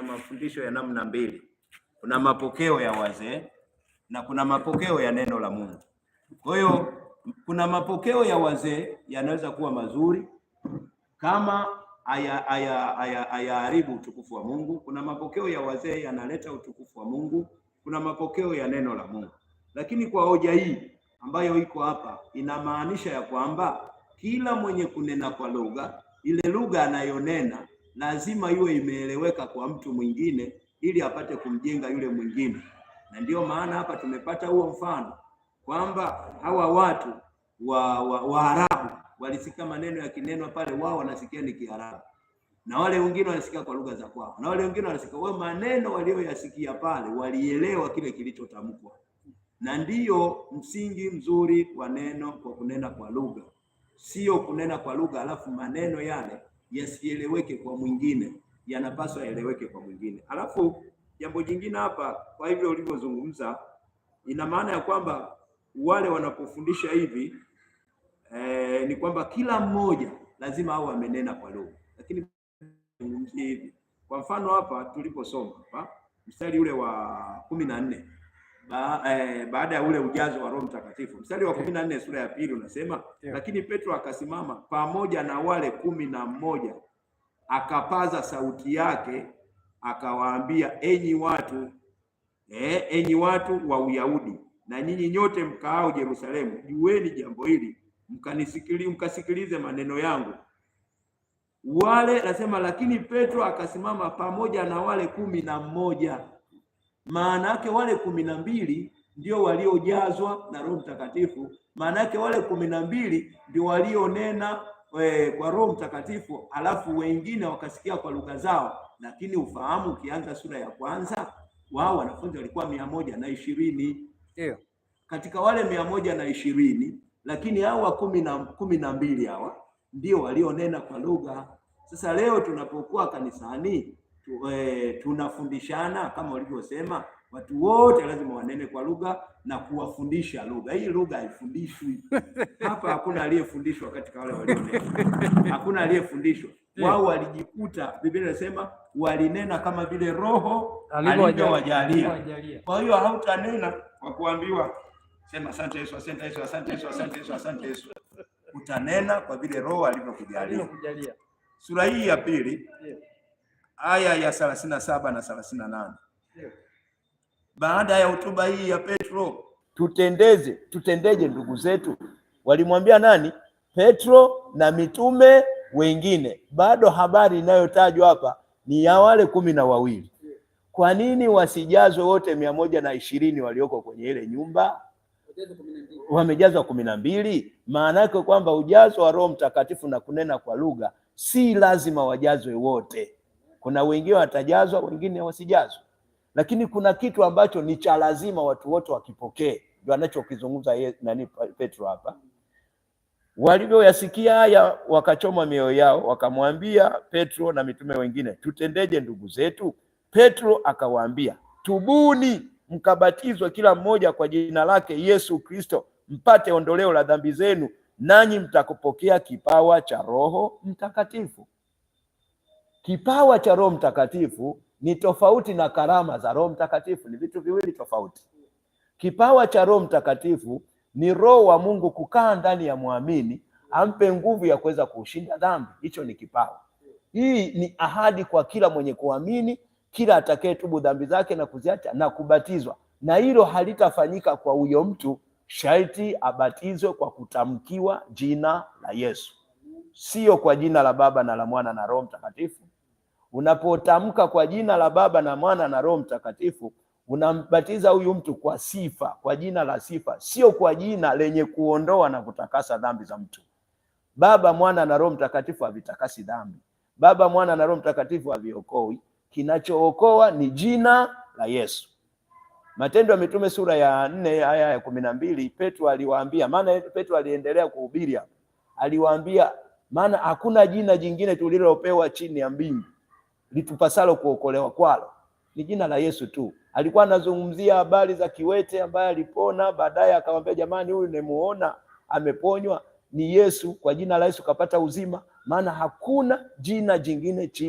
kuna mafundisho ya namna mbili, kuna mapokeo ya wazee na kuna mapokeo ya neno la Mungu. Kwa hiyo kuna mapokeo ya wazee yanaweza kuwa mazuri kama hayaharibu utukufu wa Mungu. Kuna mapokeo ya wazee yanaleta utukufu wa Mungu, kuna mapokeo ya neno la Mungu. Lakini kwa hoja hii ambayo iko hapa, inamaanisha ya kwamba kila mwenye kunena kwa lugha, ile lugha anayonena lazima iwe imeeleweka kwa mtu mwingine ili apate kumjenga yule mwingine. Na ndiyo maana hapa tumepata huo mfano kwamba hawa watu wa, wa, Waarabu walisikia maneno yakinenwa pale, wao wanasikia ni Kiarabu na wale wengine walisikia kwa lugha za kwao, na wale wengine walisikia wao, maneno walioyasikia pale walielewa kile kilichotamkwa, na ndiyo msingi mzuri wa neno kwa kunena kwa lugha, sio kunena kwa lugha alafu maneno yale yasieleweke kwa mwingine, yanapaswa yaeleweke kwa mwingine. Alafu jambo jingine hapa, kwa hivyo ulivyozungumza, ina maana ya kwamba wale wanapofundisha hivi eh, ni kwamba kila mmoja lazima awe amenena kwa lugha, lakini zungumzie hivi. Kwa mfano hapa tuliposoma hapa mstari ule wa kumi na nne ba, eh, baada ya ule ujazo wa Roho Mtakatifu. Mstari wa kumi na nne sura ya pili unasema yeah. Lakini Petro akasimama pamoja na wale kumi na mmoja akapaza sauti yake akawaambia, enyi watu eh, enyi watu wa Uyahudi na nyinyi nyote mkaao Yerusalemu, jueni jambo hili mkanisikili mkasikilize maneno yangu wale nasema. Lakini Petro akasimama pamoja na wale kumi na mmoja maana yake wale kumi na mbili ndio waliojazwa na Roho Mtakatifu. Maana yake wale kumi na mbili ndio walionena e, kwa Roho Mtakatifu, alafu wengine wakasikia kwa lugha zao. Lakini ufahamu ukianza sura ya kwanza, wao wanafunzi walikuwa mia moja na ishirini ndio katika wale mia moja na ishirini lakini hawa kumi na kumi na mbili hawa ndio walionena kwa lugha. Sasa leo tunapokuwa kanisani tu, eh, tunafundishana kama walivyosema watu wote lazima wanene kwa lugha na kuwafundisha lugha hii. Lugha haifundishwi hapa, hakuna aliyefundishwa katika wale walionena, hakuna aliyefundishwa eh. wao walijikuta, Biblia inasema walinena kama vile Roho alivyowajalia. Kwa hiyo hautanena kwa kuambiwa, sema asante Yesu, asante Yesu, asante Yesu, asante Yesu, asante Yesu. Utanena kwa vile Roho alivyokujalia. Sura hii ya pili eh aya ya 37 na saba na nane baada ya hotuba hii ya Petro. Tutendeze, tutendeje ndugu zetu? Walimwambia nani? Petro na mitume wengine. Bado habari inayotajwa hapa ni ya wale kumi na wawili. Kwa nini wasijazwe wote mia moja na ishirini walioko kwenye ile nyumba? Wamejazwa kumi na mbili. Maana yake kwamba ujazo wa Roho Mtakatifu na kunena kwa lugha si lazima wajazwe wote. Kuna wengine watajazwa, wengine wasijazwa, lakini kuna kitu ambacho ni cha lazima watu wote wakipokee. Ndio anachokizungumza nani Petro hapa. Walivyoyasikia haya wakachoma mioyo yao, wakamwambia Petro na mitume wengine, tutendeje ndugu zetu? Petro akawaambia, tubuni mkabatizwe kila mmoja kwa jina lake Yesu Kristo mpate ondoleo la dhambi zenu, nanyi mtakapokea kipawa cha Roho Mtakatifu, Kipawa cha Roho Mtakatifu ni tofauti na karama za Roho Mtakatifu, ni vitu viwili tofauti. Kipawa cha Roho Mtakatifu ni Roho wa Mungu kukaa ndani ya mwamini ampe nguvu ya kuweza kuushinda dhambi. Hicho ni kipawa. Hii ni ahadi kwa kila mwenye kuamini, kila tubu dhambi zake na kuziacha na kubatizwa, na hilo halitafanyika kwa huyo mtu, sharti abatizwe kwa kutamkiwa jina la Yesu sio kwa jina la Baba na la Mwana na Roho Mtakatifu. Unapotamka kwa jina la Baba na Mwana na Roho Mtakatifu, unambatiza huyu mtu kwa sifa, kwa jina la sifa, sio kwa jina lenye kuondoa na kutakasa dhambi za mtu. Baba, Mwana na Roho Mtakatifu havitakasi dhambi. Baba, Mwana na Roho Mtakatifu haviokoi. Kinachookoa ni jina la Yesu. Matendo ya Mitume sura ya nne aya ya kumi na mbili Petro aliwaambia, maana Petro aliendelea kuhubiria, aliwaambia maana hakuna jina jingine tulilopewa chini ya mbingu litupasalo kuokolewa kwalo ni jina la Yesu tu. Alikuwa anazungumzia habari za kiwete ambaye alipona, baadaye akamwambia, jamani, huyu nimemuona ameponywa. Ni Yesu, kwa jina la Yesu kapata uzima, maana hakuna jina jingine chini